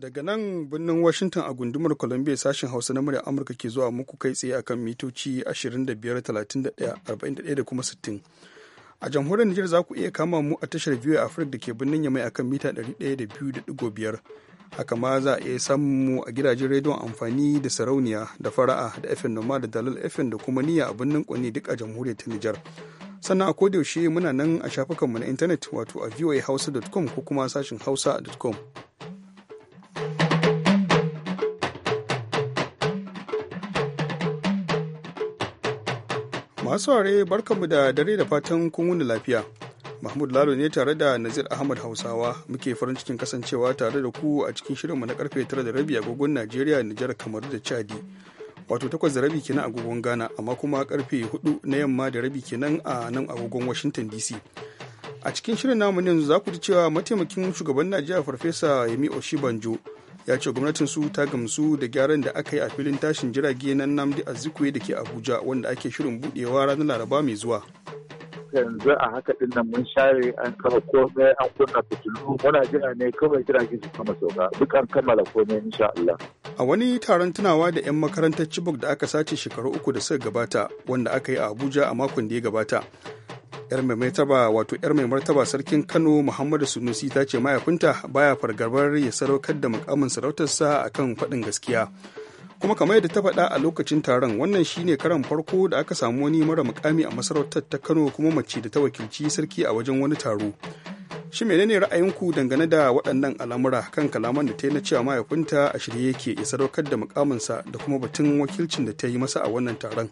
Daga nan birnin Washington a gundumar Columbia sashen Hausa na murya Amurka ke zuwa muku kai tsaye akan mitoci 25, 31, 41 da kuma 60. a jamhuriyar Nijar za ku iya kama mu a tashar biyu Afirka da ke birnin Yamai akan mita 102.5 haka ma za a iya samun mu a gidajen rediyon amfani da sarauniya da fara'a da FM Noma da dalil FM da kuma niyya a birnin Kwani duk a jamhuriyar ta Nijar sannan a kodayaushe muna nan a shafukanmu na intanet wato a voahausa.com ko kuma sashin hausa.com Masu ware barkanmu da dare da fatan kun wuni lafiya. Mahmud Lalo ne tare da Nazir Ahmad Hausawa muke farin cikin kasancewa tare da ku a cikin shirinmu na karfe 9 da rabi agogon Najeriya, Nijar, kamar da Chadi. Wato 8 da rabi kenan agogon Ghana, amma kuma karfe 4 na yamma da rabi kenan a nan agogon Washington DC. A cikin shirin namu yanzu za ku ji cewa mataimakin shugaban Najeriya Farfesa Yemi Oshibanjo ya ce gwamnatin su ta gamsu da gyaran da aka yi a filin tashin jirage na namdi azikwe da ke abuja wanda ake shirin budewa ranar laraba mai zuwa yanzu a haka din nan mun share an kama komai an kunna fitilu muna jira ne kawai jirage su kama sauka duk an kammala komai insha Allah a wani taron tunawa da 'yan makarantar Chibok da aka sace shekaru uku da suka gabata wanda aka yi a Abuja a makon da ya gabata yar mai martaba wato yar mai martaba sarkin kano muhammadu sunusi ta ce mahaifinta baya fargabar ya sadaukar da mukamin sarautarsa a kan faɗin gaskiya kuma kamar yadda ta faɗa a lokacin taron wannan shine karan farko da aka samu wani mara mukami a masarautar ta kano kuma mace da ta wakilci sarki a wajen wani taro shi menene ra'ayinku dangane da waɗannan al'amura kan kalaman da ta yi na cewa mahaifinta a shirye yake ya sadaukar da mukaminsa da kuma batun wakilcin da ta yi masa a wannan taron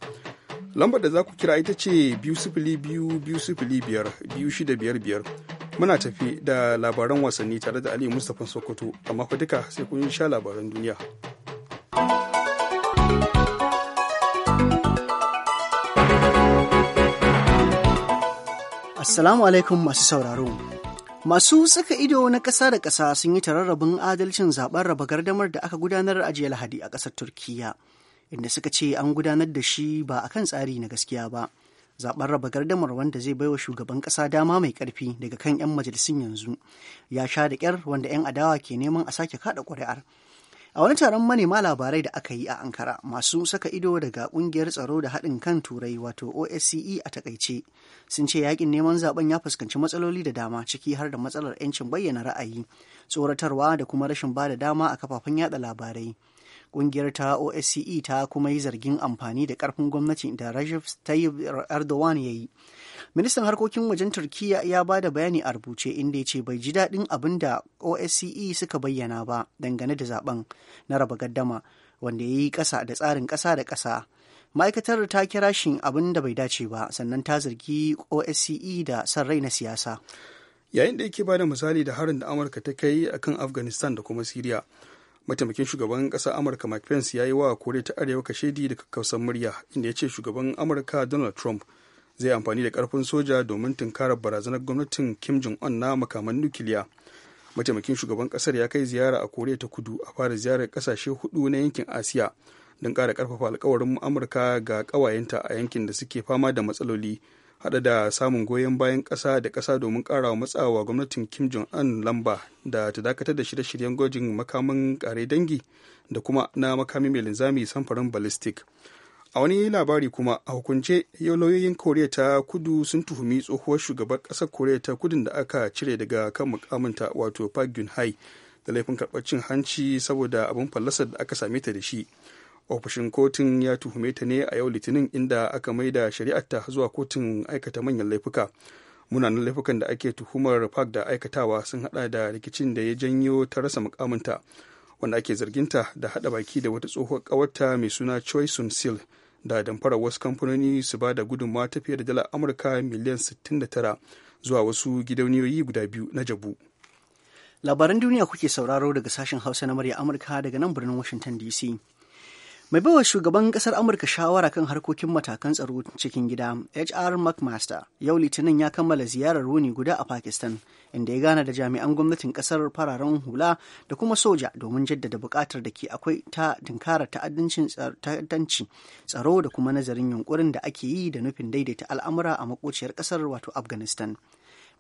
lambar da za ku kira ita ce biyu sifili biyu biyu sifili biyar biyu shida biyar biyar muna tafi da labaran wasanni tare da ali mustapha sokoto amma fa duka sai kun sha labaran duniya assalamu alaikum masu sauraro masu saka ido na ƙasa da ƙasa sun yi tararrabin adalcin zaben raba gardamar da aka gudanar a jiya lahadi a ƙasar turkiyya inda suka ce an gudanar da shi ba a kan tsari na gaskiya ba zaben raba gardamar wanda zai baiwa shugaban ƙasa dama mai karfi daga kan 'yan majalisun yanzu ya sha da ƙyar wanda 'yan adawa ke neman a sake kaɗa ƙuri'ar a wani taron manema labarai da aka yi a ankara masu saka ido daga ƙungiyar tsaro da haɗin kan turai wato osce a takaice sun ce yaƙin neman zaben ya fuskanci matsaloli da dama ciki har da matsalar 'yancin bayyana ra'ayi tsoratarwa da kuma rashin ba da dama a kafafen yada labarai kungiyar ta OSCE ta kuma yi zargin amfani da karfin gwamnati da Rajiv Tayyip Erdogan ya yi. Ministan harkokin wajen Turkiyya ya ba da bayani a rubuce inda ya ce bai ji daɗin abin da OSCE suka bayyana ba dangane da zaben na raba gaddama wanda ya yi ƙasa da tsarin ƙasa da ƙasa. ma'aikatar ta kira shi abin da bai dace ba sannan ta zargi osce da san rai na siyasa yayin da yake ba da misali da harin da amurka ta kai akan afghanistan da kuma syria mataimakin shugaban ƙasar amurka mike pence ya yi wa kore ta arewa kashedi da kakkausan murya inda ya ce shugaban amurka donald trump zai amfani da karfin soja domin tunkarar barazanar gwamnatin kim jong un na makaman nukiliya mataimakin shugaban kasar ya kai ziyara a kore ta kudu a fara ziyarar kasashe hudu na yankin asiya don ƙara karfafa alkawarin amurka ga ƙawayenta a yankin da suke fama da matsaloli hada da samun goyon bayan kasa da kasa domin wa matsawa gwamnatin kim jong un lamba da ta dakatar da shirye-shiryen gwajin makamin kare dangi da kuma na makami mai linzami samfurin ballistic a wani labari kuma a hukunce lauyoyin koriya ta kudu sun tuhumi tsohuwar shugaban ƙasar koriya ta kudin da aka cire daga kan mukaminta wato park geun da laifin karɓar cin hanci saboda abin fallasar da aka same ta da shi ofishin kotun ya tuhume ta ne a yau litinin inda aka maida shari'arta zuwa kotun aikata manyan laifuka munanan laifukan da ake tuhumar park da aikatawa sun hada da rikicin da ya janyo ta rasa mukaminta wanda ake zarginta da hada baki da wata tsohuwar kawarta mai suna choi sun sil da damfarar wasu kamfanoni su ba da gudunmawa ta fiye da dalar amurka miliyan 69 zuwa wasu gidauniyoyi guda biyu na jabu labaran duniya kuke sauraro daga sashen hausa na murya amurka daga nan birnin washington dc mai baiwa shugaban kasar amurka shawara kan harkokin matakan tsaro cikin gida hr mcmaster yau litinin ya kammala ziyarar wuni guda a pakistan inda ya gana da jami'an gwamnatin kasar fararen hula da kuma soja domin jaddada bukatar da ke akwai ta dinkara ta'addanci tsaro da kuma nazarin yunkurin da ake yi da nufin daidaita al'amura a makociyar kasar wato afghanistan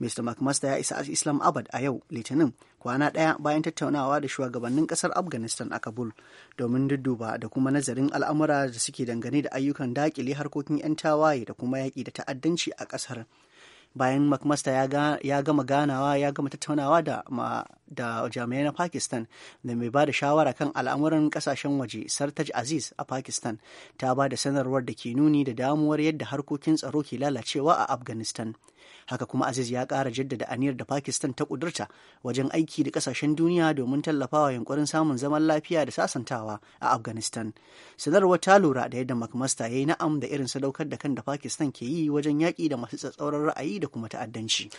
Mr. McMaster ya isa Islam Abad a yau Litinin kwana ɗaya bayan tattaunawa da shugabannin ƙasar Afghanistan a Kabul domin dudduba da kuma nazarin al'amura da suke dangane da ayyukan daƙile harkokin 'yan tawaye da kuma yaƙi da ta'addanci a ƙasar. Bayan McMaster ya gama ganawa ya gama tattaunawa da da jami'ai na Pakistan da mai ba da shawara kan al'amuran kasashen waje Sartaj Aziz a Pakistan ta ba da sanarwar da ke nuni da damuwar yadda harkokin tsaro ke lalacewa a Afghanistan. haka kuma aziz ya kara jaddada aniyar da pakistan ta kudurta wajen aiki da kasashen duniya domin tallafawa yunkurin samun zaman lafiya da sasantawa a afghanistan sanarwar ta lura da yadda mcmaster ya yi na'am da irin sadaukar da kan da pakistan ke yi wajen yaƙi da masu tsatsauran ra'ayi da kuma ta'addanci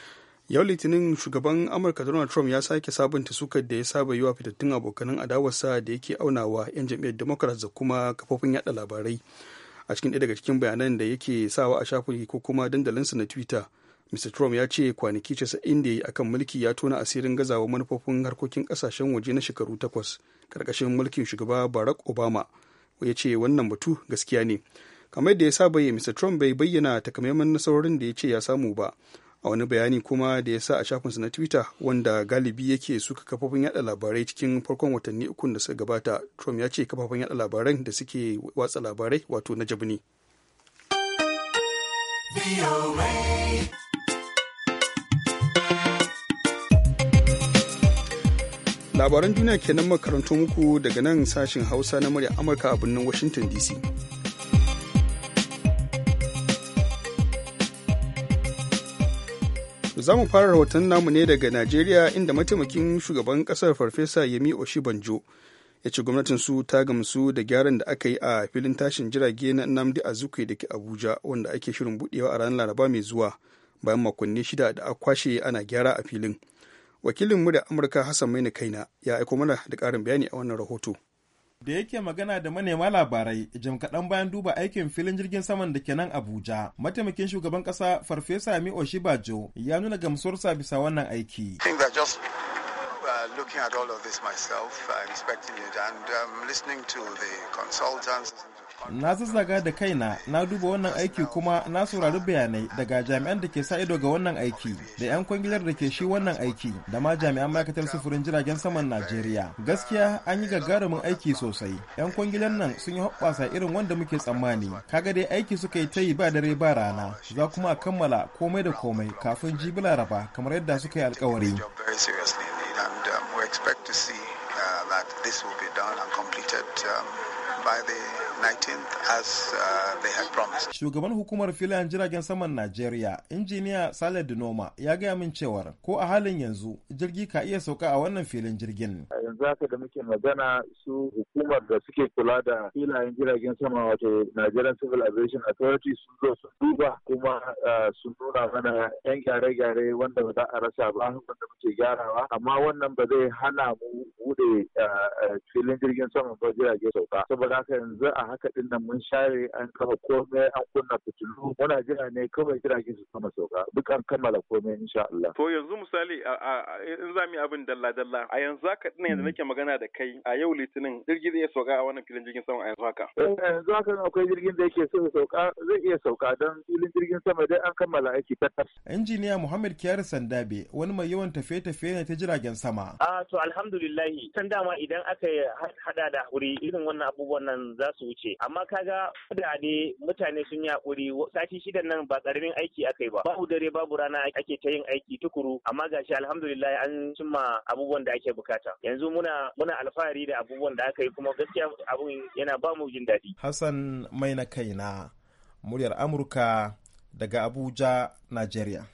yau litinin shugaban amurka donald trump ya sake sabunta sukar da ya saba yi wa fitattun abokanan adawarsa da yake aunawa 'yan jam'iyyar democrats da kuma kafofin yada labarai a cikin ɗaya daga cikin bayanan da yake sawa a shafin ko kuma dandalinsa na twitter mr trump ya ce kwanaki 90 da ya yi akan mulki ya tona asirin gazawa manufofin harkokin kasashen waje na shekaru takwas karkashin mulkin shugaba barack obama ya ce wannan batu gaskiya ne kamar yadda ya saba yi mr trump bai bayyana takamaiman nasarorin da ya ce ya samu ba a wani bayani kuma da ya sa a shafinsa na twitter wanda galibi yake suka kafafin yada labarai cikin farkon watanni ukun da suka gabata trump ya ce kafafin yada labaran da suke watsa labarai wato na jabni labaran duniya kenan makarantu muku daga nan sashin hausa na murya amurka a birnin washington dc za mu fara rahoton namu ne daga najeriya inda mataimakin shugaban kasar farfesa yemi oshibanjo ya ce gwamnatin su ta gamsu da gyaran da aka yi a filin tashin jirage na namdi azukwe da ke abuja wanda ake shirin budewa a ranar laraba mai zuwa bayan makonni shida da a kwashe ana gyara a filin wakilinmu da amurka hassan maina kaina ya aiko mana da karin bayani a wannan rahoto da yake magana da manema labarai jim kaɗan bayan duba aikin filin jirgin saman da ke nan abuja mataimakin shugaban ƙasa farfesa mi oshibajo ya nuna gamsuwarsa bisa wannan aiki uh, looking at all of this myself, uh, inspecting it and um, listening to the consultants. na zazzaga da kaina na duba wannan aiki kuma na saurari bayanai daga jami'an da ke sa ido ga wannan aiki da 'yan kwangilar da ke shi wannan aiki da ma jami'an ma'aikatar sufurin jiragen saman najeriya gaskiya an yi gagarumin aiki sosai 'yan kwangilar nan sun yi hoɓɓasa irin wanda muke tsammani kaga dai aiki suka yi ta yi ba dare ba rana za kuma a kammala komai da komai kafin jibi laraba kamar yadda suka yi alkawari um, uh, um, by the Uh, Shugaban hukumar filayen jiragen saman Najeriya, injiniya Saleh Dinoma, ya gaya min cewar ko a halin yanzu jirgi ka iya sauka a wannan filin jirgin. Yanzu haka da muke magana su hukumar da suke kula da filayen jiragen sama wato Nigerian Civil Aviation Authority sun zo sun duba kuma uh, sun nuna mana 'yan gyare-gyare wanda ba za a rasa ba wanda muke gyarawa amma wannan ba zai hana mu bude uh, filin jirgin sama ba jirage sauka saboda haka yanzu a haka din nan mun share an kafa komai an kunna fitilu muna jira ne kawai jirage su sama sauka duk an kammala komai insha Allah. To yanzu misali in za mu abin dalla dalla a yanzu haka din yanzu mm. nake magana da kai a yau litinin jirgi zai sauka a wannan filin jirgin sama a yanzu haka. Eh, yanzu haka akwai jirgin da yake so sauka zai iya sauka don filin jirgin sama dai an kammala aiki tatas. Injiniya Muhammad Kiyar Sandabe wani mai yawan tafiye-tafiye ne ta jiragen sama. A ah, to alhamdulillah san dama idan aka hada da hakuri irin wannan abubuwan nan za su wuce amma kaga ne mutane sun yi hakuri sati shidan nan ba karamin aiki akai ba babu dare babu rana ake ta yin aiki tukuru amma gashi alhamdulillah an cimma abubuwan da ake bukata yanzu muna muna alfahari da abubuwan da aka yi kuma gaskiya abun yana ba mu jin daɗi Hassan mai na kaina muryar Amurka daga Abuja Nigeria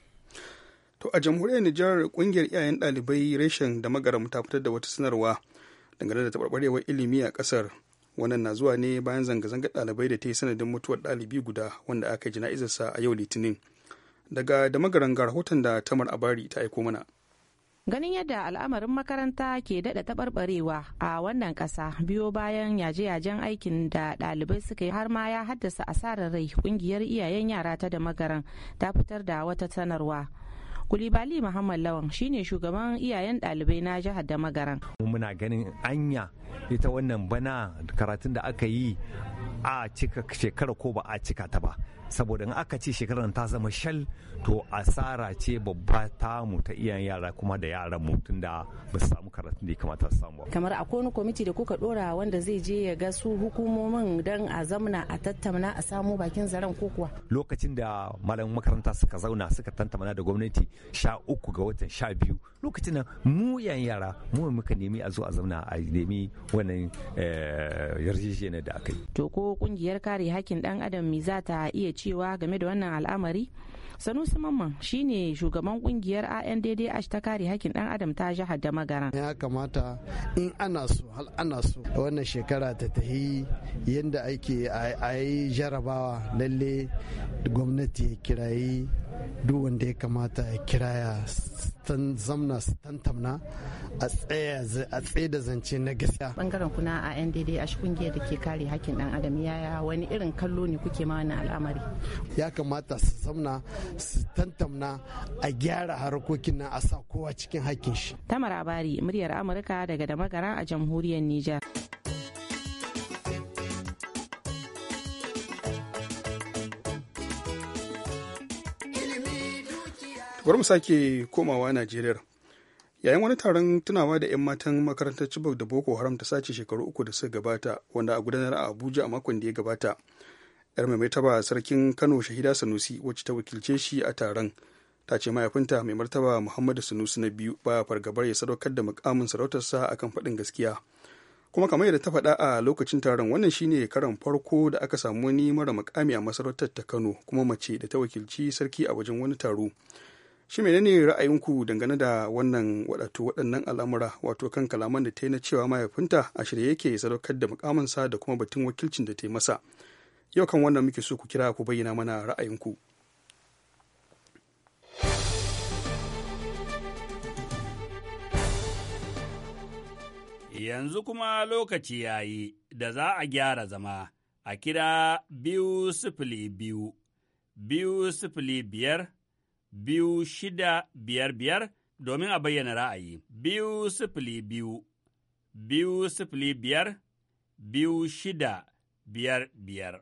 To a jamhuriyar Nijar kungiyar iyayen ɗalibai reshen da magaram ta fitar da wata sanarwa dangane da taɓarɓarewar ilimi a ƙasar wannan na zuwa ne bayan zanga-zangar ɗalibai da ta yi sanadin mutuwar ɗalibi guda wanda aka yi jana'izarsa a yau litinin daga da rahoton da tamar abari ta aiko mana ganin yadda al'amarin makaranta ke daɗa taɓarɓarewa a wannan ƙasa biyo bayan yaje-yajen aikin da ɗalibai suka yi har ma ya haddasa asarar rai ƙungiyar iyayen yara ta da magaran ta fitar da wata sanarwa kulibali muhammad lawan shine shugaban iyayen dalibai na jihar da magaran muna ganin anya ita wannan bana karatun da aka yi a cika shekara ko ba a cika ta ba saboda in aka ce shekarar ta zama shal to asara ce babba mu ta iyayen yara kuma da yaran mu tunda ba su samu karatun da ya kamata su samu ba kamar akwai wani kwamiti da kuka dora wanda zai je ya ga su hukumomin dan a zamna a tattauna a samu bakin zaren ko kuwa lokacin da malam makaranta suka zauna suka tantamana da gwamnati sha uku ga watan sha biyu lokacin nan mu yan yara mu muka nemi a zo a zauna a nemi wannan eh, yarjejeniyar da aka yi to ko kungiyar kare hakkin dan adam me za ta iya cewa game da wannan al'amari sanusi mamman shine shugaban kungiyar andh ta kare hakkin dan adam ta jihar da magara ya kamata in ana so hal ana so wannan shekara ta tahi yadda ake a yi jarabawa lalle gwamnati ya kirayi duk wanda ya kamata ya kiraya zamna su tantamna a tsaye da zance na gaskiya bangaren kuna a ndd a kungiyar da ke kare hakkin dan adam yaya wani irin kallo ne kuke ma wani al'amari ya kamata su zamna su tantamna a gyara harkokin nan a sa kowa cikin hakkin shi tamar abari muryar amurka daga da a jamhuriyar nijar bari mu sake komawa najeriya yayin wani taron tunawa da 'yan matan makarantar chibok da boko haram ta sace shekaru uku da suka gabata wanda a gudanar a abuja a makon da ya gabata yar mai martaba sarkin kano shahida sanusi wacce ta wakilce shi a taron ta ce mahaifinta mai martaba muhammadu sanusi na biyu ba fargabar ya sadaukar da mukamin sarautarsa akan faɗin gaskiya kuma kamar yadda ta faɗa a lokacin taron wannan shine karan farko da aka samu wani mara mukami a masarautar ta kano kuma mace da ta wakilci sarki a wajen wani taro shi menene ra'ayinku dangane da wannan wadatu waɗannan al'amura wato kan kalaman da ta yi na cewa mahaifinta a shirye yake sadaukar da mukaminsa da kuma batun wakilcin da ta yi masa yau kan wannan muke so ku kira ku bayyana mana ra'ayinku yanzu kuma lokaci ya yi da za a gyara zama a kira biyu sifili biyu, biyu sifili biyar, biyu shida biyar biyar domin a bayyana ra'ayi. Biyu sifili biyu, biyu sifili biyar, biyu shida biyar biyar.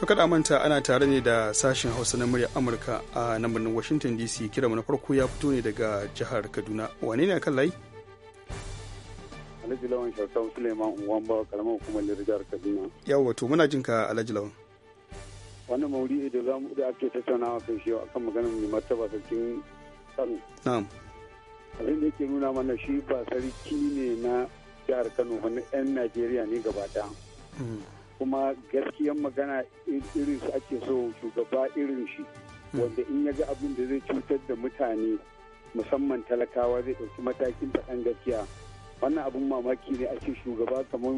To kada manta ana tare ne da sashen Hausa na murya Amurka a nan birnin Washington DC kira na farko ya fito ne daga jihar Kaduna. Wane ne kan layi? Alhaji Lawan shautau Suleiman Unguwan Bawa Kalamar Hukumar Jihar Kaduna. Yawwa to muna jinka Alhaji Lawan. Wannan maulidi da zamu da ake tattaunawa kan shi akan maganar mai martaba sarkin Kano. Abin yake nuna mana shi ba sarki ne na jihar Kano wani 'yan Najeriya ne gaba mm. Kuma gaskiyan magana irin su ake so shugaba irin shi. Mm. Wanda in ya ga abin da zai cutar da mutane musamman talakawa zai ɗauki matakin faɗan gaskiya. Wannan abin mamaki ne a ce shugaba kamar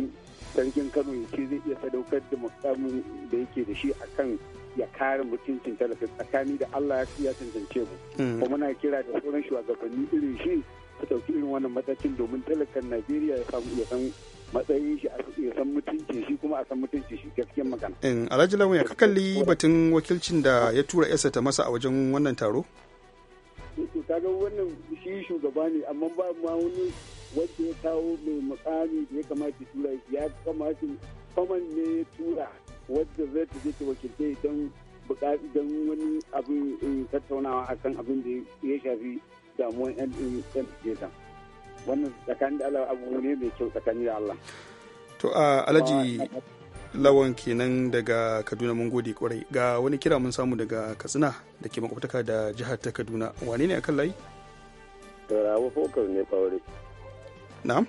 sarkin Kano ya ce zai iya sadaukar da mukamin da yake da shi a kan. ya kare mutuncin talafin tsakani da Allah ya cancance mu hmm. kuma muna kira da sauran shugabanni irin shi su ɗauki irin wannan matakin domin talakan Najeriya ya samu ya san matsayin shi ya san mutuncin shi kuma a san mutuncin shi gaskiyar magana. Eh, Alhaji Lawan ya kakalli batun wakilcin da ya tura yasa ta masa a wajen wannan taro? Ta ga wannan shi shugaba ne amma ba ma wani wanda ya kawo mai mukami da ya kamata tura ya kamata faman ne ya tura wadda zai ta zai ta wakilce don don wani abin eh, tattaunawa a kan abin da ya shafi damuwan 'yan eh, Najeriya. Wannan tsakanin da Allah abu ne mai kyau tsakanin da Allah. To a Alhaji Lawan kenan daga Kaduna mun gode kwarai ga wani kira mun samu daga Katsina da ke makwabtaka da jihar ta Kaduna wane ne akan layi? Rawar fokar ne kwaure. Na'am?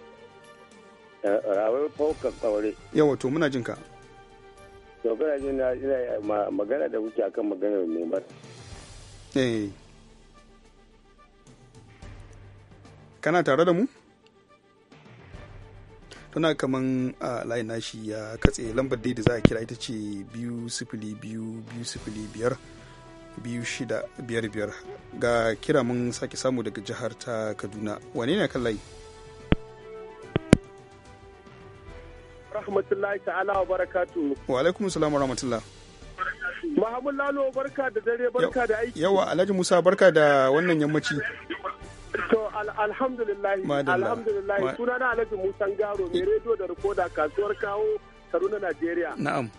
Eh, Rawar fokar kwaure. Yawa to muna jinka. ka. to kana magana da kuke akan maganar eh. kana tare da mu tana kaman a layin nashi ya katse lambar dai da za a kira ita ce biyu sifili biyu biyu sifili biyar biyu shida biyar biyar ga kira mun sake samu daga jihar ta kaduna wane ne kan layi rahmatullahi ta'ala wa barakatu. Wa alaikum salam wa rahmatullah. Mahamud Lalo barka da dare barka da aiki. Yawa Alhaji Musa barka da wannan yammaci. To alhamdulillah alhamdulillah suna na Alhaji Musa Garo mai rediyo da rikoda kasuwar kawo Kaduna Najeriya. Na'am.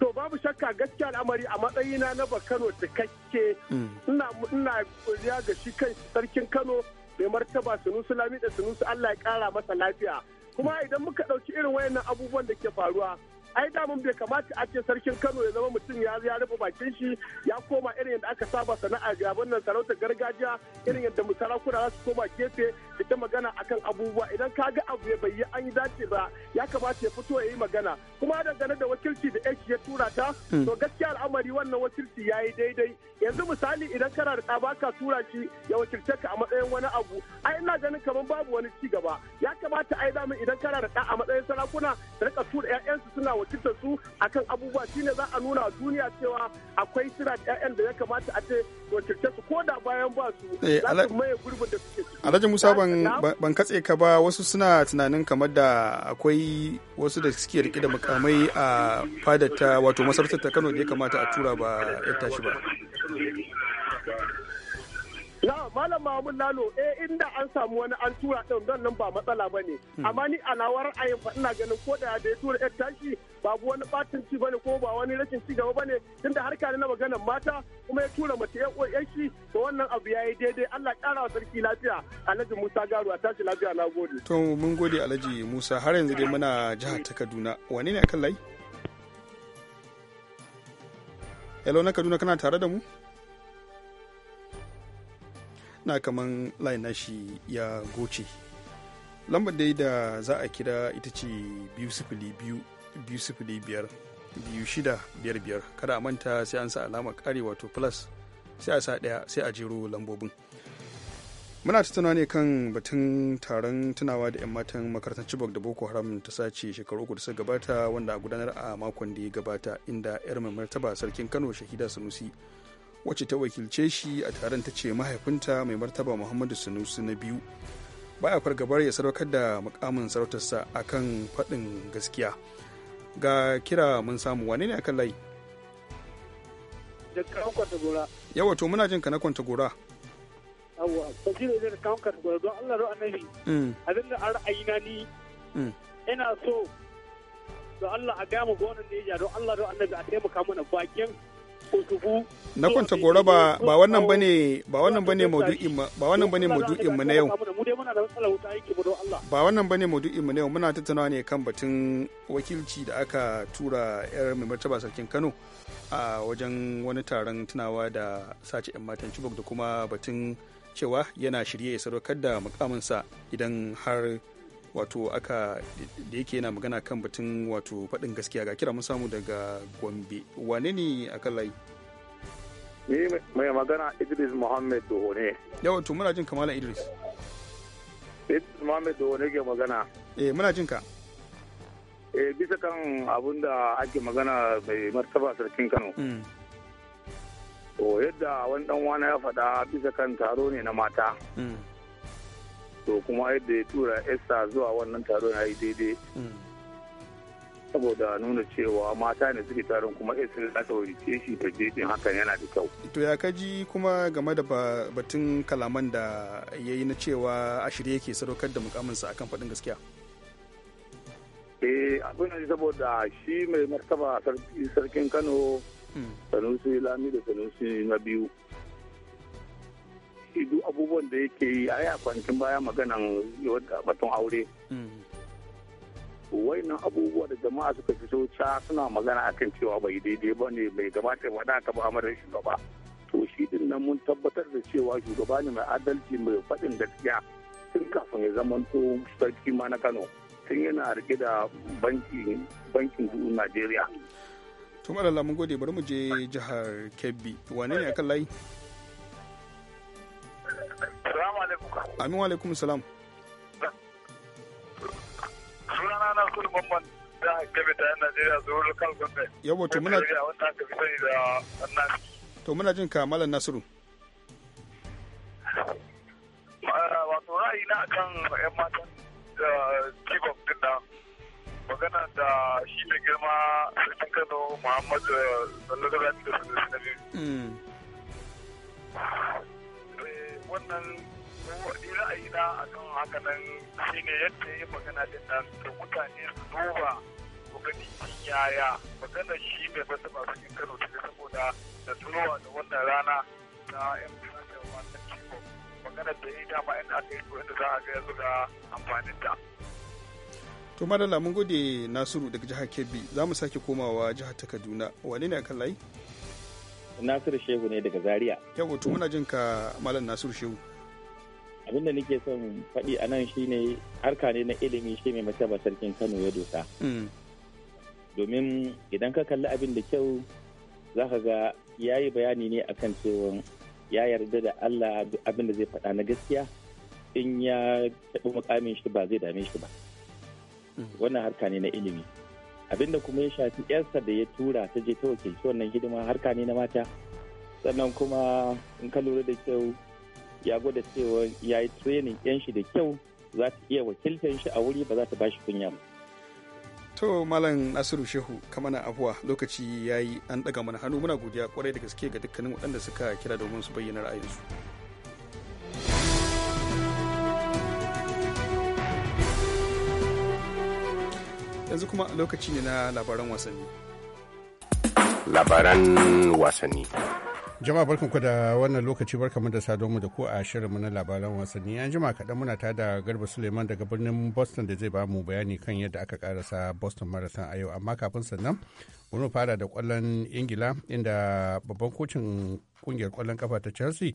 to babu shakka gaskiya al'amari a matsayina na bakano cikakke mm. ina ina godiya ga shi kan sarkin kano mai martaba sunu sulami da sunu allah ya kara masa lafiya kuma idan muka ɗauki irin wayannan abubuwan da ke faruwa ai damun bai kamata a ce sarkin kano ya zama mutum ya ya rufe bakin shi ya koma irin yadda aka saba sana'a ga wannan sarautar gargajiya irin yadda sarakuna za su koma gefe fita magana akan abubuwa idan ka ga abu ya bayyi an yi dace ba ya kamata ya fito ya yi magana kuma dangane da wakilci da ya tura ta hmm. to gaskiya al'amari wannan wakilci ya yi daidai yanzu misali idan kana da ka tura shi ya wakilce ka a matsayin wani abu ai ina ganin kamar babu wani ci gaba ya kamata ai damu idan kana da ɗa a matsayin sarakuna da rika tura 'ya'yansu suna wakiltar su akan abubuwa shine za a nuna wa duniya cewa akwai sira da ƴaƴan da ya kamata a ce wakilce su ko da bayan ba su eh, za su maye gurbin da suke Alhaji Musa ban ban katse ka ba wasu suna tunanin kamar da akwai wasu da suke rike da mukamai a fadata wato masarautar ta Kano da ya kamata a tura ba ya tashi ba. mun lalo eh inda an samu wani an tura ɗin don nan ba matsala ba ne hmm. amma ni a nawar ayin fa ina ganin ko da ya tura yar tashi babu wani bacin ci bane ko ba wani rashin ci gaba bane tunda harka ne na magana mata kuma ya tura mace yan uwan shi to wannan abu yayi daidai Allah ƙara wa sarki lafiya Alhaji Musa Garu a tashi lafiya na gode to mun gode Alhaji Musa har yanzu dai muna jihar ta Kaduna wane ne akan lai Hello na Kaduna kana tare da mu? na kaman line nashi ya goce lambar dai da za a kira ita ce biyu sifili biyu biyu sifili biyar biyu kada a manta sai an sa alamar kare wato plus sai a sa ɗaya sai a jero lambobin muna tattauna ne kan batun taron tunawa da 'yan matan makarantar chibok da boko haram ta sace shekaru uku da suka gabata wanda a gudanar a makon da ya gabata inda 'yar mai martaba sarkin kano shahida sanusi wacce ta wakilce shi a taron ta ce mahaifinta mai martaba muhammadu sanusi na biyu baya fargabar ya sadaukar da mukamin sarautarsa a kan faɗin gaskiya ga kira mun samu wane ne akan layi da kawo to muna jin ka na gora yawa ta jira da kawo gora, don allah ru'a nabi mm. abin da an ra'ayina ni mm. ina so da allah a mu gonan neja don allah ru'a nabi a taimaka mana bakin na kwanta gora ba ba wannan bane ba wannan bane maudu'in ba wannan bane maudu'in mu na yau ba wannan bane maudu'in mu na yau muna tattaunawa ne kan batun wakilci da aka tura yar mai martaba sarkin Kano a wajen wani taron tunawa da sace yan matan Chibok da kuma batun cewa yana shirye ya sadaukar da sa idan har wato aka da yake yana magana kan batun wato faɗin gaskiya ga kira mun samu daga gombe wane ne a kan layi ni eh, mai magana idris muhammad dohone ne wato muna jin kamala idris idris muhammad dohone ke magana eh muna jin ka eh bisa kan abun da ake magana mai martaba sarkin kano mm. to yadda wani dan wani ya faɗa bisa kan taro ne na mata mm. to kuma yadda ya tura esta zuwa wannan taron ya yi daidai saboda nuna cewa mata ne suke taron kuma esta za ta wurice shi ta jefin hakan yana da kyau to ya kaji kuma game da batun kalaman da ya yi na cewa a shirye yake sadaukar da mukaminsa akan faɗin gaskiya eh abin da saboda shi mai martaba sarkin kano hmm. sanusi lami da sanusi na biyu duk abubuwan da yake yi a ya kwanakin baya maganan batun aure hmm. wainan abubuwa da jama'a suka fi ca suna magana akan cewa bai daidai ba ne bai gabata ya faɗa ta ba amarin shugaba to shi din nan mun tabbatar da cewa shugaba ne mai adalci mai faɗin gaskiya tun kafin ya zama to sarki ma na kano tun yana rike da bankin bankin najeriya tun madalla mun gode bari mu je jihar kebbi wane ne akan layi Salamu alaikum. Amin wa alaikum salam. Sunana na Nasiru mamman da kebe Najeriya muna To muna jin ka Malam Nasiru. Wato ra'ayi na kan 'yan matan Chibok din Magana da shi ne girma sarkin Kano Muhammadu eh, Sallallahu Alaihi wannan ra'ayi na a kan haka nan shine yadda ya magana da da mutane su duba su gani yaya magana shi mai bata ba su kano ta saboda da turowa da wannan rana ta yan kasar wannan ciko magana da ya dama inda aka yi da za a ga yanzu ga amfanin ta. to madalla mun gode nasiru daga jihar kebbi za mu sake komawa jihar ta kaduna wane ne akan layi? Nasiru Shehu ne daga Zaria. Yau to muna jin ka Malam Nasiru Shehu. Abin da nake son faɗi a nan shine harka ne na ilimi shine mace sarkin Kano ya dosa. Mm. Domin idan ka kalli abin da kyau za ka ga ya yi bayani ne akan cewa ya yarda da Allah abin da zai faɗa na gaskiya in ya taɓa mukamin shi ba zai dame shi ba. Mm. Wannan harka ne na ilimi. abinda kuma ya shafi yarsa da ya tura ta je ta wakilci wannan hidima harka ne na mata sannan kuma in ka lura da kyau ya gwada cewa ya yi training yan shi da kyau za ta iya wakiltar shi a wuri ba za ta ba shi kunya ba. to malam nasiru shehu kamana abuwa lokaci ya yi an daga mana hannu muna godiya kwarai da gaske ga dukkanin waɗanda suka kira domin su bayyana ra'ayinsu. yanzu kuma lokaci ne na labaran wasanni labaran wasanni jama'a barkanku da wannan lokaci barkamu da sadonmu da ku a shirinmu na labaran wasanni an jima kaɗan muna ta da garba suleiman daga birnin boston da zai ba mu bayani kan yadda aka karasa boston marathon a yau amma kafin sannan wani fara da kwallon ingila inda babban kocin kungiyar kwallon kafa ta chelsea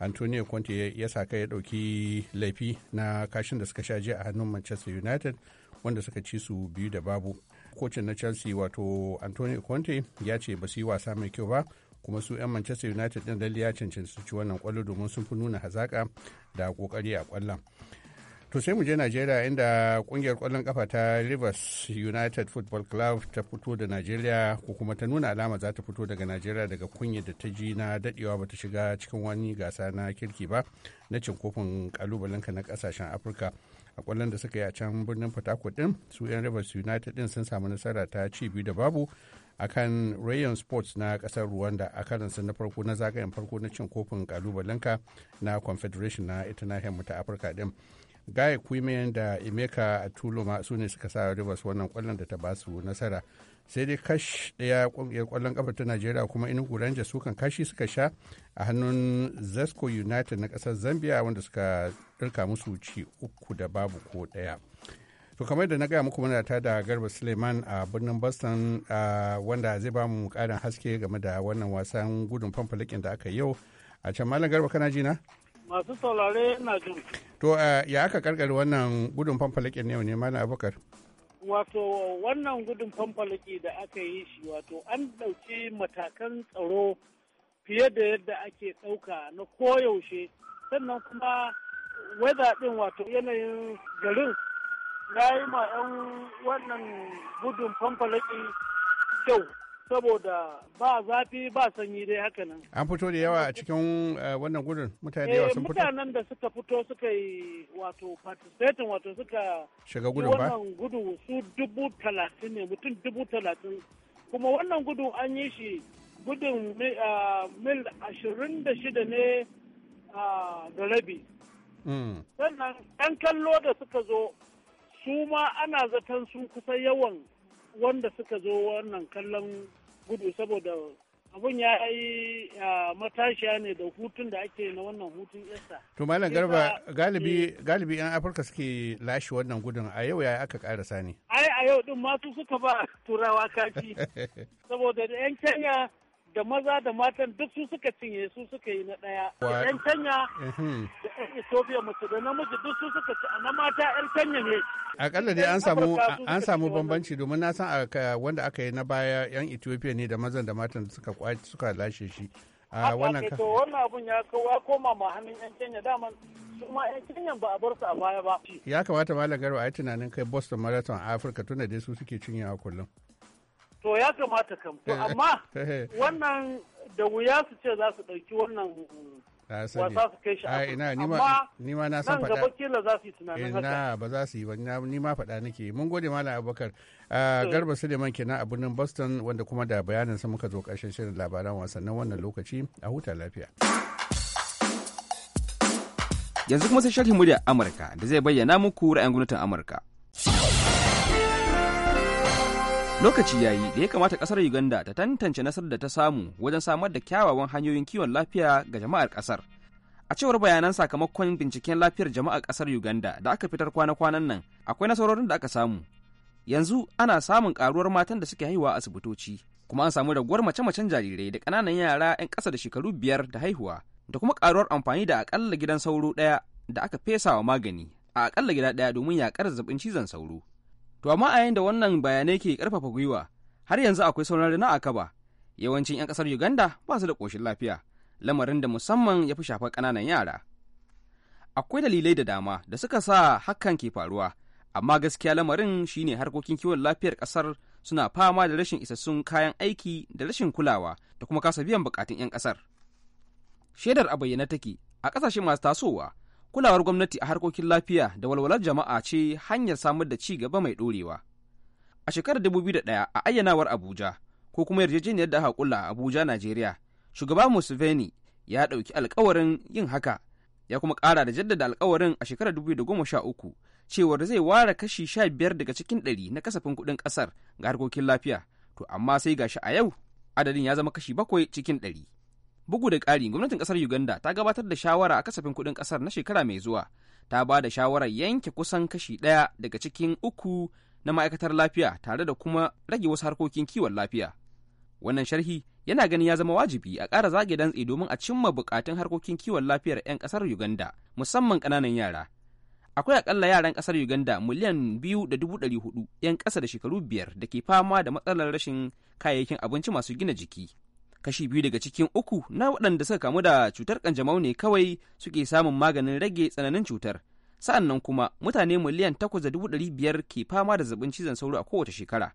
antonio conte ya sa kai ya ɗauki laifi na kashin da suka sha jiya a hannun manchester united wanda suka ci su biyu da babu kocin na chelsea wato antonio conte ya ce ba su yi wasa mai kyau ba kuma su 'yan manchester united din lalle ya cancanci su ci wannan kwallo domin sun fi nuna hazaka da kokari a kwallon to sai mu je najeriya inda kungiyar kwallon kafa ta rivers united football club ta fito da najeriya ko kuma ta nuna alama za ta fito daga najeriya daga kunya da ta ji na dadewa ba ta shiga cikin wani gasa na kirki ba na cin kofin kalubalenka na kasashen afirka a kwallon da suka yi a can birnin fatakwal din su 'yan rivers united din sun samu nasara ta ci biyu da babu a kan rayon sports na kasar rwanda a karinsa na farko na zagayen farko na cin kofin kalubalenka na confederation na ita nahiyar mu ta afirka din Guy kuma da Emeka Atuluma su ne suka sa Rivers wannan kwallon da ta ba su nasara. Sai dai kash ɗaya ƙungiyar kwallon kafa ta Najeriya kuma inu guranja su kan kashi suka sha a hannun Zesco United na kasar Zambia wanda suka ɗirka musu ci uku da babu ko daya To kamar da na gaya muku muna ta da Garba Suleiman a birnin Boston wanda zai ba mu karin haske game da wannan wasan gudun fanfalikin da aka yau. A can Malam Garba kana ji na? masu saurare na jin to eh, ya aka karkar wannan gudun fanfalakin ne ne mana abokar wato wannan gudun fanfalaki da aka yi shi wato an ɗauki matakan tsaro fiye da yadda ake ɗauka na koyaushe sannan kuma weather din wato yanayin garin ya yi ma 'yan wannan gudun fanfalaki kyau saboda ba zafi ba sanyi dai haka nan. An fito da yawa a cikin eh, wannan gudun mutane da yawa eh, sun fito? mutanen da suka fito suka yi wato participating wato suka shiga gudun ba? Wannan gudu su dubu talatin ne mutum dubu talatin kuma wannan gudu an yi shi gudun ah, mil ashirin da shida ne ah, da rabi. Hmm. Sannan ɗan kallo da suka zo su ma ana zaton sun kusa yawan wanda suka zo wannan kallon gudu saboda abun ya yi matashiya ne da hutun da ake na wannan hutun esta. To Malam Garba galibi eh. galibi 'yan Afirka suke lashe wannan gudun a yau ya aka karasa ne. Ai a yau din masu suka ba turawa kafi saboda da 'yan Kenya da maza da matan duk su suka cinye su suka yi na ɗaya. Yan Kenya mhm. da yan Ethiopia musu da namiji duk su suka ci na mata yan Kenya ne. Akalla dai an samu an samu bambanci domin na san wanda aka yi na baya yan Ethiopia ne da mazan da matan suka kwaci suka lashe shi. A wannan ka. wannan abun ya kawo koma ma hannun yan Kenya daman kuma yan Kenya ba a bar su a baya ba. Ya kamata Malam Garba a yi tunanin kai Boston Marathon a Afirka tunda dai su suke cinyewa kullum. to ya kamata kam to eh. amma eh. wannan da wuya su ce za su ɗauki wannan wasa su kai shi amma na san gaba za su yi tunanin eh, haka na ba za su yi ba ni ma faɗa nake mun gode malam abubakar ah, garba suleiman kenan a birnin boston wanda kuma da bayanin sa muka zo karshen shirin labaran wasannin wannan lokaci a huta lafiya yanzu kuma sai sharhin murya amurka da zai bayyana muku ra'ayin gwamnatin amurka Lokaci ya yi da ya kamata kasar Uganda ta tantance nasar da ta samu wajen samar da kyawawan hanyoyin kiwon lafiya ga jama'ar kasar. A cewar bayanan sakamakon binciken lafiyar jama'ar kasar Uganda da aka fitar kwana-kwanan nan, akwai nasarorin da aka samu. Yanzu ana samun karuwar matan da suke haihuwa asibitoci, kuma an samu raguwar mace-macen jarirai da ƙananan yara 'yan ƙasa da shekaru biyar da haihuwa, da kuma karuwar amfani da akalla gidan sauro ɗaya da aka fesa wa magani a akalla gida ɗaya domin yaƙar zazzabin cizon sauro. To amma a yayin da wannan bayanai ke karfafa gwiwa har yanzu akwai sauran a kaba. yawancin 'yan kasar Uganda ba su da ƙoshin lafiya lamarin da musamman ya fi shafar ƙananan yara. Akwai dalilai da dama da suka sa hakan ke faruwa amma gaskiya lamarin shine harkokin kiwon lafiyar ƙasar suna fama da rashin isassun kayan aiki da rashin kulawa da kuma kasa biyan bukatun 'yan ƙasar. Shaidar a bayyana take a ƙasashe masu tasowa kulawar gwamnati a harkokin lafiya da walwalar jama'a ce hanyar samar da ci gaba mai ɗorewa. A shekarar 2001 a ayyanawar Abuja ko kuma yarjejeniyar da aka kula a Abuja, Najeriya, shugaba Museveni ya ɗauki alkawarin yin haka ya kuma ƙara da jaddada alkawarin a shekarar 2013 cewar zai ware kashi 15 daga cikin 100 na kasafin kuɗin ƙasar ga harkokin lafiya, to amma sai gashi a yau adadin ya zama kashi bakwai cikin ɗari. Bugu da ƙari, gwamnatin ƙasar Uganda ta gabatar da shawara a kasafin kuɗin ƙasar na shekara mai zuwa. Ta ba da shawarar yanke kusan kashi ɗaya daga cikin uku na ma'aikatar lafiya tare da kuma rage wasu harkokin kiwon lafiya. Wannan sharhi yana ganin ya zama wajibi a ƙara zage dantse domin a cimma buƙatun harkokin kiwon lafiyar 'yan ƙasar Uganda, musamman ƙananan yara. Akwai akalla yaran ƙasar Uganda miliyan biyu da dubu ɗari hudu 'yan ƙasa da shekaru biyar da ke fama da matsalar rashin kayayyakin abinci masu gina jiki. kashi biyu daga cikin uku na waɗanda suka kamu da cutar kanjamau ne kawai suke samun maganin rage tsananin cutar sa'an nan kuma mutane miliyan takwas da dubu ɗari biyar ke fama da zaɓin cizon sauro a kowace shekara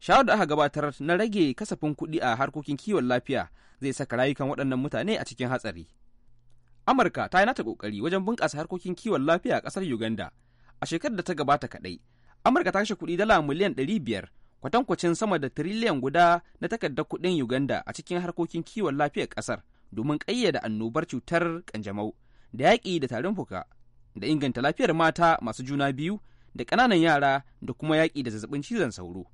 shawar da aka gabatar na rage kasafin kuɗi a harkokin kiwon lafiya zai saka rayukan waɗannan mutane a cikin hatsari amurka ta yi nata ƙoƙari wajen bunƙasa harkokin kiwon lafiya a ƙasar uganda a shekarar da ta gabata kaɗai amurka ta kashe kuɗi dala miliyan ɗari biyar kwatankwacin sama da tiriliyan guda na takardar kuɗin Uganda a cikin harkokin kiwon lafiyar ƙasar domin ƙayyada annobar cutar ƙanjamau da yaƙi da tarin fuka da inganta lafiyar mata masu juna biyu da ƙananan yara da kuma yaƙi da zazzabin cizon sauro.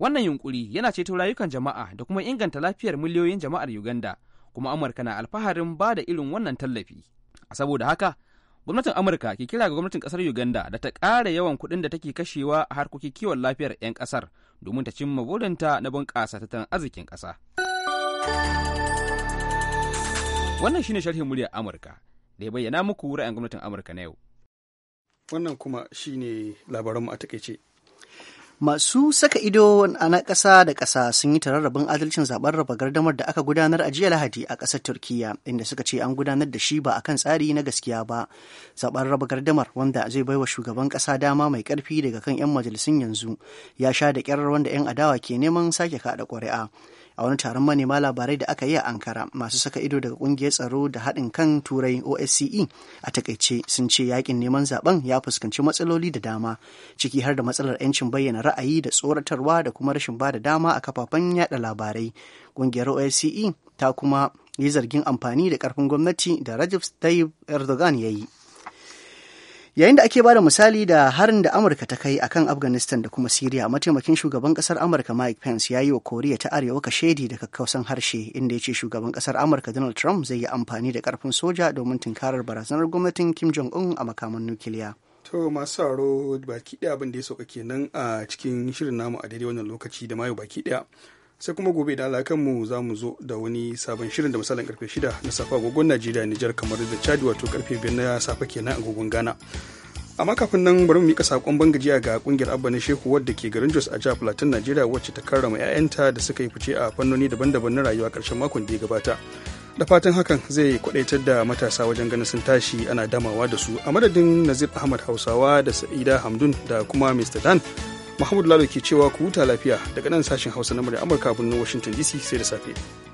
Wannan yunƙuri yana ceto rayukan jama'a da kuma inganta lafiyar miliyoyin jama'ar Uganda, kuma Amurka na alfaharin ba da irin wannan tallafi. A saboda haka, gwamnatin amurka ke kira ga gwamnatin kasar uganda da ta ƙara yawan kuɗin da take kashewa a harkokin kiwon lafiyar 'yan ƙasar domin ta cimma burinta na bunƙasa tattalin arzikin ƙasa wannan shine sharhin muryar amurka da ya bayyana muku ra'ayin gwamnatin amurka na yau wannan kuma shine labaranmu a takaice Masu saka ido a na ƙasa da ƙasa sun yi tararrabin adalcin zaɓen raba gardamar da aka gudanar a jiya Lahadi a ƙasar Turkiyya, inda suka ce an gudanar da shi ba a kan tsari na gaskiya ba. Zaɓen raba gardamar wanda zai baiwa shugaban ƙasa dama mai ƙarfi daga kan 'yan majalisun yanzu ya sha da ƙyarar wanda 'yan adawa ke neman sake kaɗa ƙuri'a. a wani taron manema labarai da aka yi a ankara masu saka ido daga kungiyar tsaro da haɗin kan turai osce a takaice sun ce yakin neman zaben ya fuskanci matsaloli da dama ciki har da matsalar 'yancin bayyana ra'ayi da tsoratarwa da kuma rashin ba da dama a kafafen yada labarai kungiyar osce ta kuma yi zargin amfani da karfin gwamnati da Rajiv tayyip erdogan ya yi yayin da ake bada misali da harin da amurka ta kai akan afghanistan da kuma syria mataimakin shugaban kasar amurka mike pence ya yi wa koriya ta arewa kashedi da kakkausan harshe inda ya ce shugaban kasar amurka donald trump zai yi amfani da karfin soja domin tunkarar barazanar gwamnatin kim jong-un a makaman nukiliya to masu sauraro baki daya abin da ya sauka kenan a cikin shirin namu a daidai wannan lokaci da mayu baki daya sai kuma gobe da alakan mu za mu zo da wani sabon shirin da misalin karfe shida na safa agogon najeriya nijar kamar da chadi wato karfe 5 na safa kenan a gogon ghana amma kafin nan bari mu mika sakon bangajiya ga kungiyar abba na shehu wadda ke garin jos a jihar platin najeriya wacce ta karrama 'ya'yanta da suka yi fice a fannoni daban-daban na rayuwa karshen makon da ya gabata da fatan hakan zai kwadaitar da matasa wajen ganin sun tashi ana damawa da su a madadin nazir ahmad hausawa da sa'ida hamdun da kuma mr dan Mahmud Lalo ke cewa ku huta lafiya daga nan sashen Hausa na murya Amurka birnin Washington DC sai da safe.